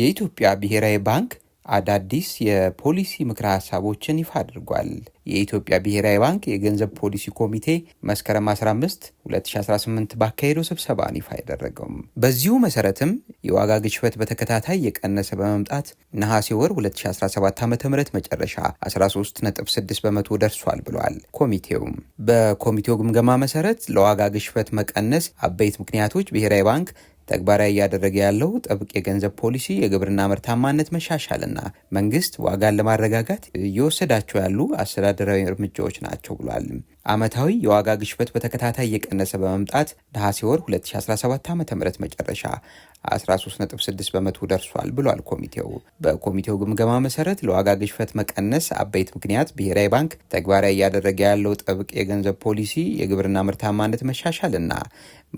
የኢትዮጵያ ብሔራዊ ባንክ አዳዲስ የፖሊሲ ምክረ ሀሳቦችን ይፋ አድርጓል። የኢትዮጵያ ብሔራዊ ባንክ የገንዘብ ፖሊሲ ኮሚቴ መስከረም 15 2018 ባካሄደው ስብሰባን ይፋ ያደረገው በዚሁ መሰረትም የዋጋ ግሽበት በተከታታይ የቀነሰ በመምጣት ነሐሴ ወር 2017 ዓ ም መጨረሻ 13.6 በመቶ ደርሷል ብሏል። ኮሚቴውም በኮሚቴው ግምገማ መሰረት ለዋጋ ግሽበት መቀነስ አበይት ምክንያቶች ብሔራዊ ባንክ ተግባራዊ እያደረገ ያለው ጥብቅ የገንዘብ ፖሊሲ፣ የግብርና ምርታማነት መሻሻልና መንግስት ዋጋን ለማረጋጋት እየወሰዳቸው ያሉ አስተዳደራዊ እርምጃዎች ናቸው ብሏል። ዓመታዊ የዋጋ ግሽበት በተከታታይ እየቀነሰ በመምጣት ነሐሴ ወር 2017 ዓ ም መጨረሻ 13.6 በመቶ ደርሷል ብሏል ኮሚቴው። በኮሚቴው ግምገማ መሰረት ለዋጋ ግሽበት መቀነስ አበይት ምክንያት ብሔራዊ ባንክ ተግባራዊ እያደረገ ያለው ጥብቅ የገንዘብ ፖሊሲ፣ የግብርና ምርታማነት መሻሻልና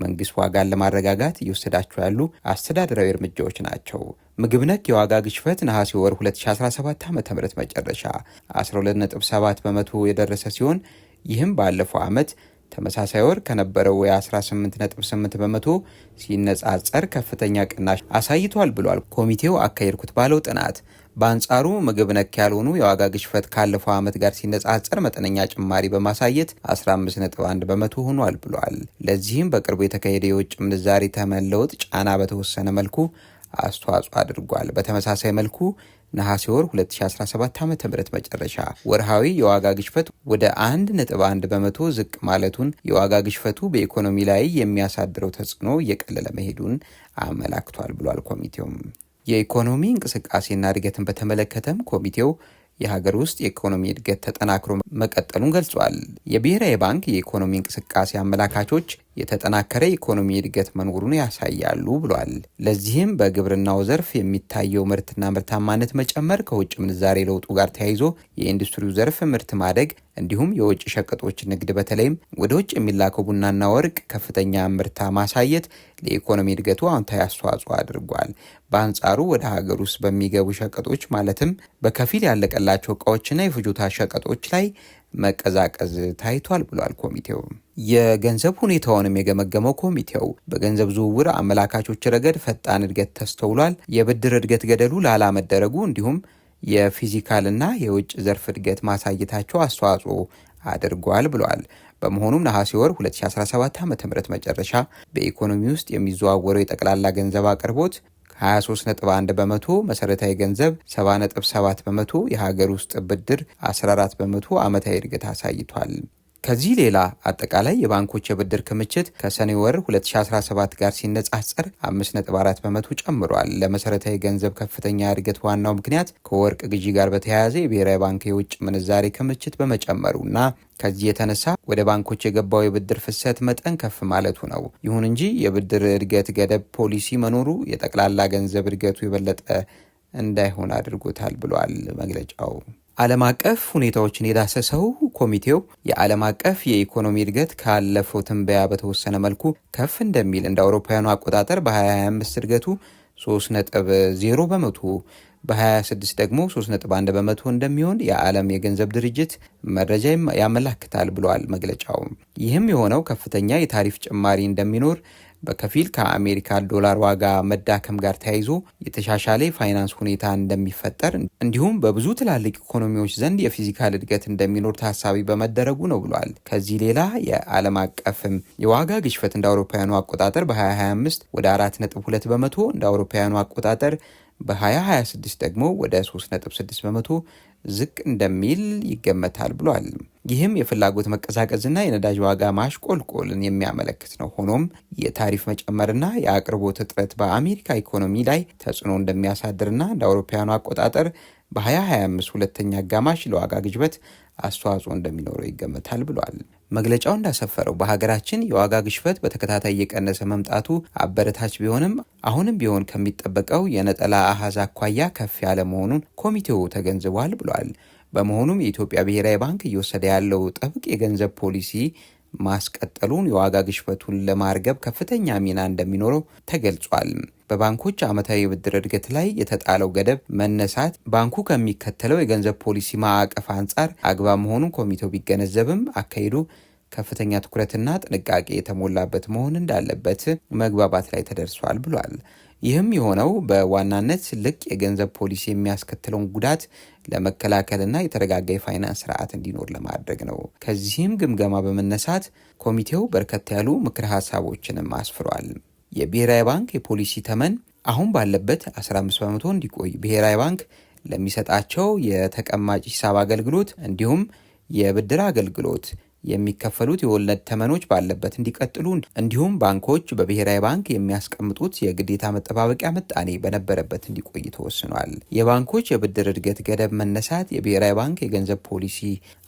መንግስት ዋጋን ለማረጋጋት እየወሰዳቸው ያሉ አስተዳደራዊ እርምጃዎች ናቸው። ምግብ ነክ የዋጋ ግሽበት ነሐሴ ወር 2017 ዓ ም መጨረሻ 12.7 በመቶ የደረሰ ሲሆን ይህም ባለፈው ዓመት ተመሳሳይ ወር ከነበረው የ18.8 በመቶ ሲነጻጸር ከፍተኛ ቅናሽ አሳይቷል ብሏል ኮሚቴው አካሄድኩት ባለው ጥናት። በአንጻሩ ምግብ ነክ ያልሆኑ የዋጋ ግሽፈት ካለፈው ዓመት ጋር ሲነጻጸር መጠነኛ ጭማሪ በማሳየት 15.1 በመቶ ሆኗል ብሏል። ለዚህም በቅርቡ የተካሄደ የውጭ ምንዛሪ ተመን ለውጥ ጫና በተወሰነ መልኩ አስተዋጽኦ አድርጓል። በተመሳሳይ መልኩ ነሐሴ ወር 2017 ዓ ም መጨረሻ ወርሃዊ የዋጋ ግሽፈት ወደ 1.1 በመቶ ዝቅ ማለቱን የዋጋ ግሽፈቱ በኢኮኖሚ ላይ የሚያሳድረው ተጽዕኖ እየቀለለ መሄዱን አመላክቷል ብሏል። ኮሚቴውም የኢኮኖሚ እንቅስቃሴና እድገትን በተመለከተም ኮሚቴው የሀገር ውስጥ የኢኮኖሚ እድገት ተጠናክሮ መቀጠሉን ገልጿል። የብሔራዊ ባንክ የኢኮኖሚ እንቅስቃሴ አመላካቾች የተጠናከረ ኢኮኖሚ እድገት መኖሩን ያሳያሉ ብሏል። ለዚህም በግብርናው ዘርፍ የሚታየው ምርትና ምርታማነት መጨመር ከውጭ ምንዛሬ ለውጡ ጋር ተያይዞ የኢንዱስትሪው ዘርፍ ምርት ማደግ እንዲሁም የውጭ ሸቀጦች ንግድ በተለይም ወደ ውጭ የሚላከው ቡናና ወርቅ ከፍተኛ ምርታ ማሳየት ለኢኮኖሚ እድገቱ አዎንታዊ አስተዋጽኦ አድርጓል። በአንጻሩ ወደ ሀገር ውስጥ በሚገቡ ሸቀጦች ማለትም በከፊል ያለቀላቸው እቃዎችና የፍጆታ ሸቀጦች ላይ መቀዛቀዝ ታይቷል ብሏል ኮሚቴው። የገንዘብ ሁኔታውንም የገመገመው ኮሚቴው በገንዘብ ዝውውር አመላካቾች ረገድ ፈጣን እድገት ተስተውሏል፣ የብድር እድገት ገደሉ ላላመደረጉ እንዲሁም የፊዚካልና የውጭ ዘርፍ እድገት ማሳየታቸው አስተዋጽኦ አድርጓል ብሏል። በመሆኑም ነሐሴ ወር 2017 ዓ ም መጨረሻ በኢኮኖሚ ውስጥ የሚዘዋወረው የጠቅላላ ገንዘብ አቅርቦት 23.1 በመቶ መሰረታዊ ገንዘብ 7.7 በመቶ፣ የሀገር ውስጥ ብድር 14 በመቶ ዓመታዊ እድገት አሳይቷል። ከዚህ ሌላ አጠቃላይ የባንኮች የብድር ክምችት ከሰኔ ወር 2017 ጋር ሲነጻጸር 5.4 በመቶ ጨምሯል። ለመሰረታዊ ገንዘብ ከፍተኛ እድገት ዋናው ምክንያት ከወርቅ ግዢ ጋር በተያያዘ የብሔራዊ ባንክ የውጭ ምንዛሬ ክምችት በመጨመሩና ከዚህ የተነሳ ወደ ባንኮች የገባው የብድር ፍሰት መጠን ከፍ ማለቱ ነው። ይሁን እንጂ የብድር እድገት ገደብ ፖሊሲ መኖሩ የጠቅላላ ገንዘብ እድገቱ የበለጠ እንዳይሆን አድርጎታል ብሏል መግለጫው። ዓለም አቀፍ ሁኔታዎችን የዳሰሰው ኮሚቴው የዓለም አቀፍ የኢኮኖሚ እድገት ካለፈው ትንበያ በተወሰነ መልኩ ከፍ እንደሚል እንደ አውሮፓውያኑ አቆጣጠር በ2025 እድገቱ 3.0 በመቶ በ26 ደግሞ 3.1 በመቶ እንደሚሆን የዓለም የገንዘብ ድርጅት መረጃ ያመላክታል ብለዋል መግለጫው። ይህም የሆነው ከፍተኛ የታሪፍ ጭማሪ እንደሚኖር በከፊል ከአሜሪካ ዶላር ዋጋ መዳከም ጋር ተያይዞ የተሻሻለ የፋይናንስ ሁኔታ እንደሚፈጠር እንዲሁም በብዙ ትላልቅ ኢኮኖሚዎች ዘንድ የፊዚካል እድገት እንደሚኖር ታሳቢ በመደረጉ ነው ብሏል። ከዚህ ሌላ የዓለም አቀፍም የዋጋ ግሽፈት እንደ አውሮፓውያኑ አቆጣጠር በ2025 ወደ 4.2 በመቶ እንደ አውሮፓውያኑ አቆጣጠር በ2026 ደግሞ ወደ 3.6 በመቶ ዝቅ እንደሚል ይገመታል ብሏል። ይህም የፍላጎት መቀዛቀዝና የነዳጅ ዋጋ ማሽቆልቆልን የሚያመለክት ነው። ሆኖም የታሪፍ መጨመርና የአቅርቦት እጥረት በአሜሪካ ኢኮኖሚ ላይ ተጽዕኖ እንደሚያሳድርና እንደ አውሮፓውያኑ አቆጣጠር በ2025 ሁለተኛ አጋማሽ ለዋጋ ግሽበት አስተዋጽኦ እንደሚኖረው ይገመታል ብሏል። መግለጫው እንዳሰፈረው በሀገራችን የዋጋ ግሽበት በተከታታይ እየቀነሰ መምጣቱ አበረታች ቢሆንም አሁንም ቢሆን ከሚጠበቀው የነጠላ አሃዝ አኳያ ከፍ ያለ መሆኑን ኮሚቴው ተገንዝቧል ብሏል። በመሆኑም የኢትዮጵያ ብሔራዊ ባንክ እየወሰደ ያለው ጥብቅ የገንዘብ ፖሊሲ ማስቀጠሉን የዋጋ ግሽበቱን ለማርገብ ከፍተኛ ሚና እንደሚኖረው ተገልጿል። በባንኮች ዓመታዊ የብድር እድገት ላይ የተጣለው ገደብ መነሳት ባንኩ ከሚከተለው የገንዘብ ፖሊሲ ማዕቀፍ አንጻር አግባብ መሆኑን ኮሚቴው ቢገነዘብም አካሄዱ ከፍተኛ ትኩረትና ጥንቃቄ የተሞላበት መሆን እንዳለበት መግባባት ላይ ተደርሷል ብሏል። ይህም የሆነው በዋናነት ልቅ የገንዘብ ፖሊሲ የሚያስከትለውን ጉዳት ለመከላከልና የተረጋጋ የፋይናንስ ስርዓት እንዲኖር ለማድረግ ነው። ከዚህም ግምገማ በመነሳት ኮሚቴው በርከት ያሉ ምክረ ሀሳቦችንም አስፍሯል። የብሔራዊ ባንክ የፖሊሲ ተመን አሁን ባለበት 15 በመቶ እንዲቆይ ብሔራዊ ባንክ ለሚሰጣቸው የተቀማጭ ሂሳብ አገልግሎት እንዲሁም የብድር አገልግሎት የሚከፈሉት የወለድ ተመኖች ባለበት እንዲቀጥሉ እንዲሁም ባንኮች በብሔራዊ ባንክ የሚያስቀምጡት የግዴታ መጠባበቂያ ምጣኔ በነበረበት እንዲቆይ ተወስኗል። የባንኮች የብድር እድገት ገደብ መነሳት የብሔራዊ ባንክ የገንዘብ ፖሊሲ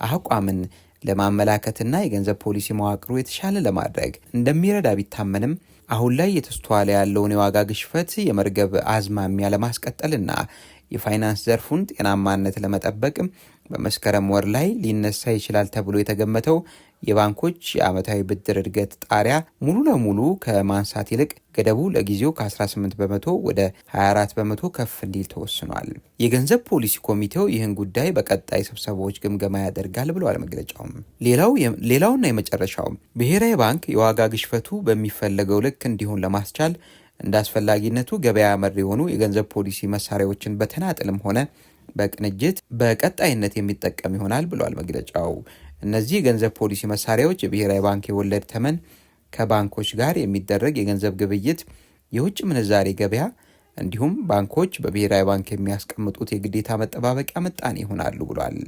አቋምን ለማመላከትና የገንዘብ ፖሊሲ መዋቅሩ የተሻለ ለማድረግ እንደሚረዳ ቢታመንም አሁን ላይ የተስተዋለ ያለውን የዋጋ ግሽፈት የመርገብ አዝማሚያ ለማስቀጠልና የፋይናንስ ዘርፉን ጤናማነት ለመጠበቅ በመስከረም ወር ላይ ሊነሳ ይችላል ተብሎ የተገመተው የባንኮች የዓመታዊ ብድር እድገት ጣሪያ ሙሉ ለሙሉ ከማንሳት ይልቅ ገደቡ ለጊዜው ከ18 በመቶ ወደ 24 በመቶ ከፍ እንዲል ተወስኗል። የገንዘብ ፖሊሲ ኮሚቴው ይህን ጉዳይ በቀጣይ ስብሰባዎች ግምገማ ያደርጋል ብለዋል መግለጫውም። ሌላውና የመጨረሻው ብሔራዊ ባንክ የዋጋ ግሽፈቱ በሚፈለገው ልክ እንዲሆን ለማስቻል እንደ አስፈላጊነቱ ገበያ መር የሆኑ የገንዘብ ፖሊሲ መሳሪያዎችን በተናጥልም ሆነ በቅንጅት በቀጣይነት የሚጠቀም ይሆናል ብሏል መግለጫው። እነዚህ የገንዘብ ፖሊሲ መሳሪያዎች የብሔራዊ ባንክ የወለድ ተመን፣ ከባንኮች ጋር የሚደረግ የገንዘብ ግብይት፣ የውጭ ምንዛሬ ገበያ እንዲሁም ባንኮች በብሔራዊ ባንክ የሚያስቀምጡት የግዴታ መጠባበቂያ ምጣኔ ይሆናሉ ብሏል።